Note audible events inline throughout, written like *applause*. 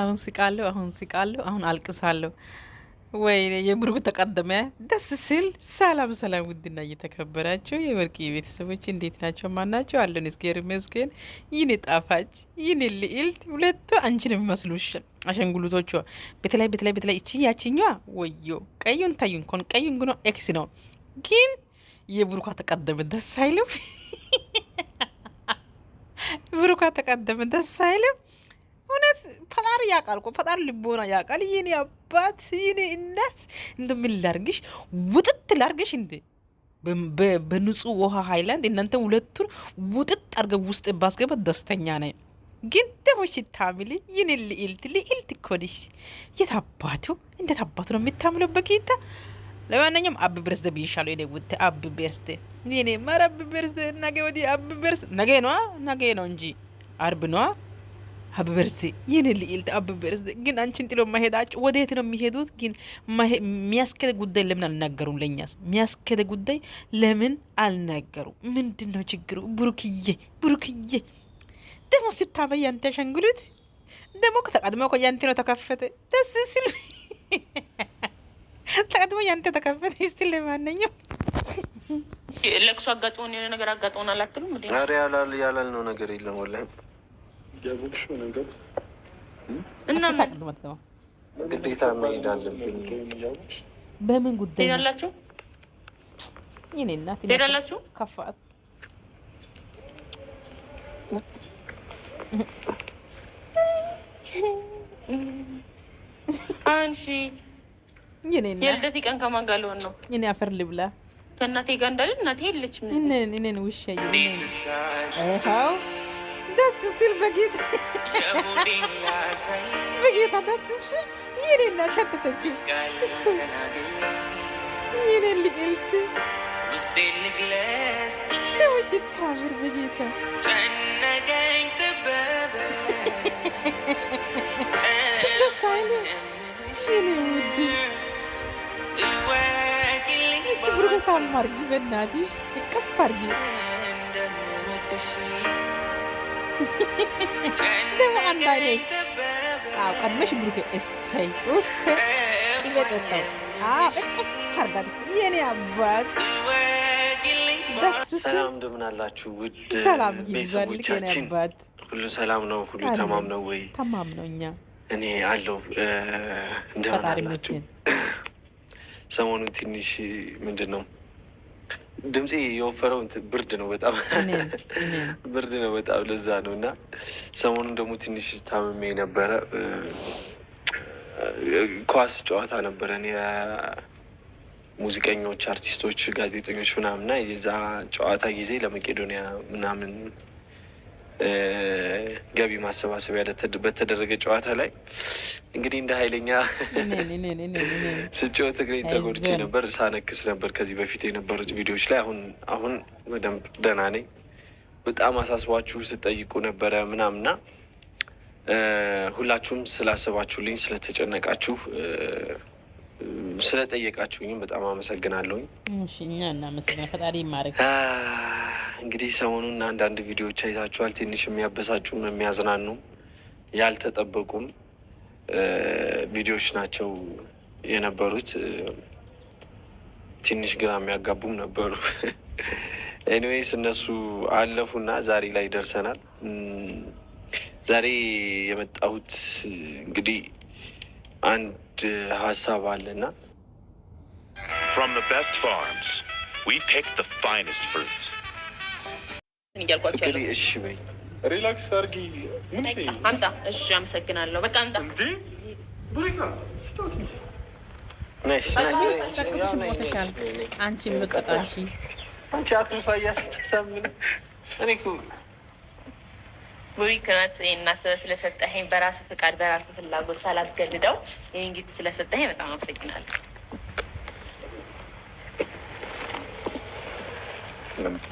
አሁን ስቃለሁ፣ አሁን ስቃለሁ፣ አሁን አልቅሳለሁ። ወይ የምርቡ ተቀደመ ደስ ሲል። ሰላም ሰላም፣ ውድና እየተከበራችሁ የወርቅ ቤተሰቦች እንዴት ናቸው? ናቸው አለን? እስጌር መስገን ይህን ጣፋጭ ይኔ ልዕልት ሁለቱ አንቺን የሚመስሉ አሸንጉሉቶቿ በተለይ በተለይ በተለይ እቺ ያችኛዋ ወዮ ቀዩን ታዩን ኮን ቀዩን ግኖ ኤክስ ነው ግን የብሩኳ ተቀደመ ደስ አይልም። ብሩካ ተቀደመ። ደስ አይልም? እውነት ፈጣሪ ያውቃል እኮ ፈጣሪ ልቦና ያውቃል። ይህኔ አባት ይህኔ እናት እንደ ምን ላርግሽ? ውጥት ላርግሽ እንዴ በንጹህ ውሃ ሀይላንድ እናንተ ሁለቱን ውጥጥ አርገ ውስጥ ባስገባት ደስተኛ ነኝ። ግን ደግሞ ሲታምል ይህን ልዕልት ልዕልት እኮ ነሽ። የት አባቱ እንዴት አባቱ ነው የምታምለው በጌታ ለማንኛውም አብ በርስደ ብይሻለሁ። እኔ ውት አብ በርስደ ኔኔ ማር አብ በርስደ ነገ ወዲ አብ በርስ ነገ ነው ነገ ነው እንጂ አርብ ነው። አብ በርስ የኔ ልኢልት አብ በርስደ ግን አንቺን ጥሎ ማሄዳቸው ወዴት ነው የሚሄዱት? ግን ሚያስከደ ጉዳይ ለምን አልናገሩም? ለእኛስ ሚያስከደ ጉዳይ ለምን አልናገሩ? ምንድን ነው ችግሩ? ብሩክዬ ብሩክዬ ደግሞ ስታመር ያንተ አሻንጉሊት ደግሞ ከተቀድሞ እኮ ያንተ ነው ተከፈተ ደስ ሲል ተቀድሞ ያንተ ተከፈተ። እስቲ ለማንኛውም ለቅሶ አጋጥሞን የሆነ ነገር አጋጥሞን አላትሉም እንዴ? ኧረ ያላል ያላል ነው ነገር የለም ወላሂ ግዴታ መሄድ አለብኝ። በምን ጉዳይ ሄዳላችሁ? ይኔ እናት ሄዳላችሁ? ከፋት የልደቴ ቀን ከማን ጋር ልሆን ነው? እኔ አፈር ልብላ ከእናቴ ጋር እንዳለ እናቴ የለችም። እኔን ውሻ ደስ ሲል በጌታ በጌታ ደስ ሲል የኔና ሸተተችው የኔ ልቅልት ሰው ስታምር በጌታ ጨነቀኝ ጠበበ ደስ አይልም ፀጉር ማርጊ በእናቴ እቅፍ አርጊ ደግሞ አንዳንዴ ቀድመሽ ብሩክ እሰይ የኔ አባት ሰላም እንደምን አላችሁ? ውድ ቤተሰቦቻችን ሁሉ ሰላም ነው? ሁሉ ተማም ነው ወይ? ተማም ነው። እኛ እኔ አለው እንደምን አላችሁ? ሰሞኑን ትንሽ ምንድን ነው ድምፄ የወፈረው ብርድ ነው በጣም *laughs* ብርድ ነው በጣም ለዛ ነው። እና ሰሞኑን ደግሞ ትንሽ ታምሜ ነበረ። ኳስ ጨዋታ ነበረን የሙዚቀኞች አርቲስቶች፣ ጋዜጠኞች ምናምንና የዛ ጨዋታ ጊዜ ለመቄዶንያ ምናምን ገቢ ማሰባሰቢያ በተደረገ ጨዋታ ላይ እንግዲህ እንደ ኃይለኛ ስጮት እግሬን ተጎድቼ ነበር፣ ሳነክስ ነበር ከዚህ በፊት የነበሩት ቪዲዮዎች ላይ። አሁን አሁን በደንብ ደህና ነኝ። በጣም አሳስባችሁ ስጠይቁ ነበረ ምናምና ሁላችሁም ስላሰባችሁልኝ፣ ስለተጨነቃችሁ፣ ስለጠየቃችሁኝም በጣም አመሰግናለሁኝ። እኛ እናመሰግናለን። ፈጣሪ እንግዲህ ሰሞኑን አንዳንድ ቪዲዮዎች አይታችኋል። ትንሽ የሚያበሳጩም የሚያዝናኑም ያልተጠበቁም ቪዲዮዎች ናቸው የነበሩት። ትንሽ ግራ የሚያጋቡም ነበሩ። ኤኒዌይስ *laughs* እነሱ አለፉና ዛሬ ላይ ደርሰናል። ዛሬ የመጣሁት እንግዲህ አንድ ሀሳብ አለና From the best farms, we pick the finest fruits. እያልኳቸው እሺ በይ ሪላክስ አርጊ። ምን አምጣ። እሺ አመሰግናለሁ። በቃ አምጣ። አንቺ ምቀጣሽ አንቺ አትልፋ እያስተሳምን እኔ ቡሪክ ናት እና ስለሰጠኸኝ በራስ ፍቃድ በራስ ፍላጎት ሳላስገድደው ይህን ጊት ስለሰጠኸኝ በጣም አመሰግናለሁ።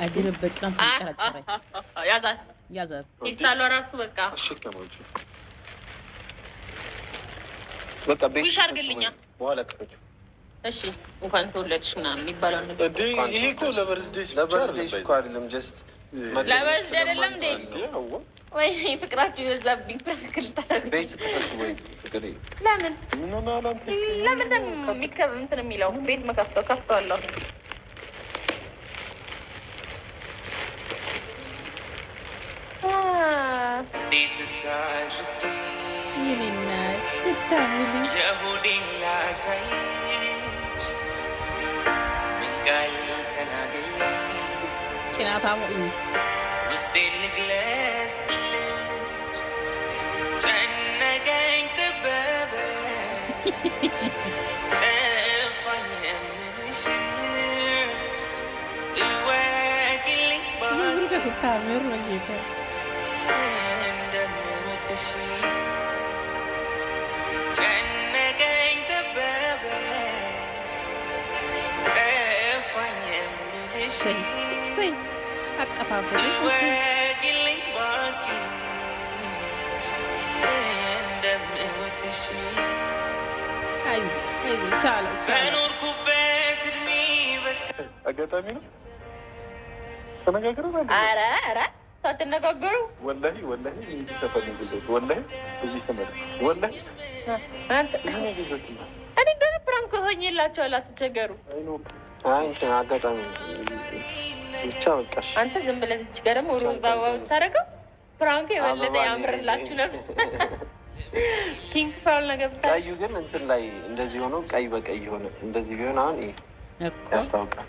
አጅርብ በቅረም ተጨረጨረ ያዛት ያዛት ይፍታሉ ራሱ በቃ እሺ በቃ ቤት ውሽ አድርግልኛ በኋላ ከፈች እሺ እንኳን ተወለድሽ ምናምን የሚባለው ነገር እንዴ ይሄ እኮ ለበርዝዴሽ ለበርዝዴሽ እኮ አይደለም ጀስት ለበርዝዴ አይደለም እንዴ ወይ ፍቅራችሁ የበዛብኝ ተክል ቤት ክፈች ወይ ለምን የሚለው ቤት መከፍተው ከፍተዋለሁ Yeminler, sütten Yahudinler sayıç Min kalbi sana gelmiş Kena tam o iyi. مستنك لاس ليش جنة جاي تبابا أفنى ፊትሽ ጨነቀኝ ጠበበ ጠፋኝ የምልሽ ወቂልኝ እድሜ በስ አጋጣሚ ነው ተነጋግረን ሳትነጋገሩ ወላሂ ወላሂ ፕራንክ ሆኜ የላቸዋል። አትቸገሩ። አጋጣሚ ብቻ በቃ አንተ ዝም ብለህ እዚህ ጋር ደግሞ ሮዛ ፕራንክ የበለጠ ያምርላችሁ ነበር። ፒንክ ፋውል ነገር ቀዩ ግን እንትን ላይ እንደዚህ ሆኖ ቀይ በቀይ ሆነ እንደዚህ ቢሆን አሁን ያስታውቃል።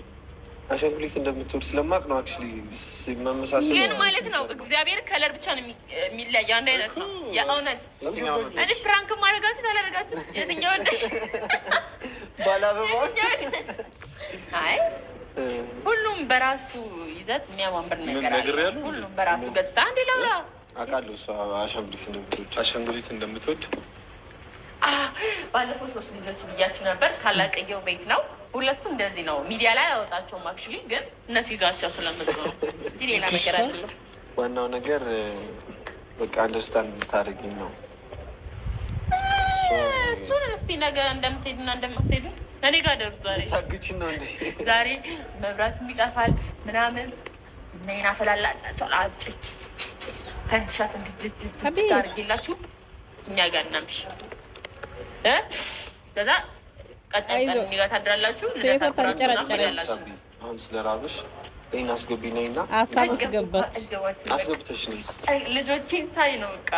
አሻንጉሊት እንደምትወድ ስለማቅ ነው። አክቹዋሊ መመሳሰል ግን ማለት ነው። እግዚአብሔር ከለር ብቻ ነው የሚለያየ፣ አንድ አይነት ነው የእውነት። እኔ ፍራንክ አደረጋችሁት አላደረጋችሁት፣ የትኛው ወደሽ ባላበባ አይ ሁሉም በራሱ ይዘት የሚያማምር ነገር አለ። ሁሉም በራሱ ገጽታ። አንዴ ላውራ አውቃለሁ። አሻንጉሊት እንደምትወድ አሻንጉሊት እንደምትወድ ባለፈው ሶስት ልጆች ብያችሁ ነበር። ታላቅየው ቤት ነው። ሁለቱ እንደዚህ ነው። ሚዲያ ላይ አወጣቸውም። አክቹዋሊ ግን እነሱ ይዟቸው ስለምትሆ ነው እንጂ ሌላ ነገር አይደለም። ዋናው ነገር በቃ አንደርስታንድ ልታደርጊኝ ነው። እሱን እስቲ ነገ እንደምትሄዱና እንደምትሄዱ እኔ ጋር ደሩ ዛሬ ታግችን ነው እንዴ? ዛሬ መብራትም ይጠፋል ምናምን ሜና ፈላላጭ ፈንሻ ፈንሻት እንድጅጅጅ አድርጌላችሁ እኛ ጋር እናምሽ ከዛ ቀጣይ ቀን እኔ ጋር ታድራላችሁ። አሁን ስለራብሽ ይህን አስገቢ ነኝ እና ሀሳብ አስገባት አስገብተሽ ነኝ ልጆቼን ሳይ ነው በቃ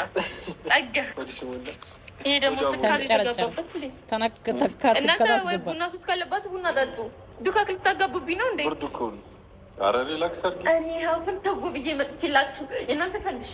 ጠጋ ይሄ ደግሞ እናንተ ወይ ቡና ሶስት ካለባት ቡና ጠጡ። ዱካክ ልታጋቡብኝ ነው እንዴ? እኔ ሀፍን ተው ብዬ መጥቼላችሁ የእናንተ ፈንድሻ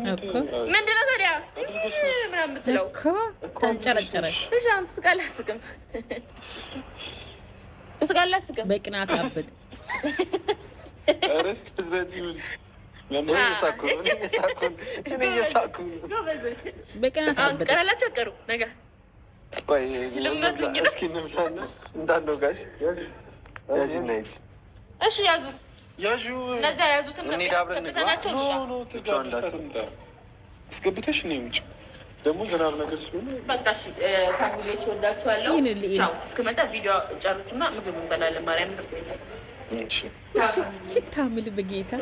ምንድነው ታዲያ ምናምን የምትለው? ተንጨረጨረች። ትስቃለህ? አስቅም ትስቃለህ? አስቅም በቅናት አበጥ በቅናት አበጥ እሺ ያዙ ያዙእነዛ ያዙትን አስገብተሽ ነው ውጭ ደግሞ ዝናብ ነገር ሲሆን በቃ ፋሚሊዎች ወዳችኋለሁ። እስክመጣ ቪዲዮ ጨርሱና ምግብ እንበላለን። ማርያም ሲታምል በጌታ